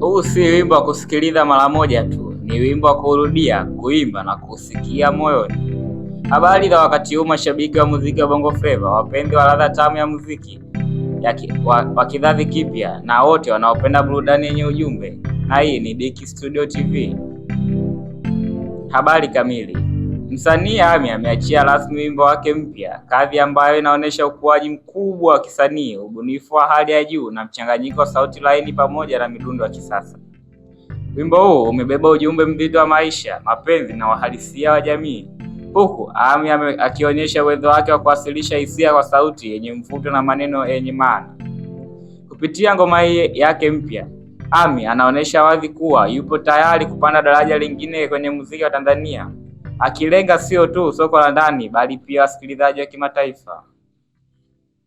huu si wimbo wa kusikiliza mara moja tu, ni wimbo wa kurudia, kuimba na kusikia moyoni. Habari za wakati huu, mashabiki wa muziki wa Bongo Flava, wapenzi wa ladha tamu ya muziki wa kizazi kipya na wote wanaopenda burudani yenye ujumbe, na hii ni Dicky Studio TV. Habari kamili Msanii Ammy ameachia rasmi wimbo wake mpya, kazi ambayo inaonyesha ukuaji mkubwa wa kisanii, ubunifu wa hali ya juu na mchanganyiko wa sauti laini pamoja na midundo ya kisasa. Wimbo huu umebeba ujumbe mzito wa maisha, mapenzi na uhalisia wa jamii, huku Ammy akionyesha uwezo wake wa kuwasilisha hisia kwa sauti yenye mvuto na maneno yenye maana. Kupitia ngoma hii yake mpya, Ammy anaonyesha wazi kuwa yupo tayari kupanda daraja lingine kwenye muziki wa Tanzania akilenga sio tu soko la ndani bali pia wasikilizaji wa kimataifa.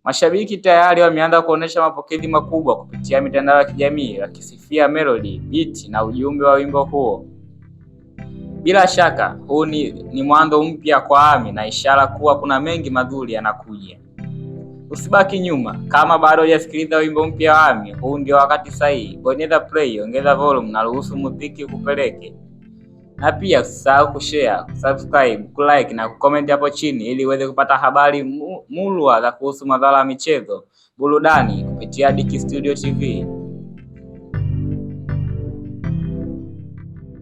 Mashabiki tayari wameanza kuonesha mapokezi makubwa kupitia mitandao ya kijamii wakisifia melody, beat na ujumbe wa wimbo huo. Bila shaka huu ni, ni mwanzo mpya kwa AMI na ishara kuwa kuna mengi mazuri yanakuja. Usibaki nyuma. Kama bado hujasikiliza wimbo mpya wa AMI, huu ndio wakati sahihi. Bonyeza play, ongeza volume na ruhusu muziki kupeleke na pia usisahau kushare, subscribe, kulike na kucomment hapo chini ili uweze kupata habari mulwa za kuhusu madhara ya michezo burudani kupitia Dicky Studio TV.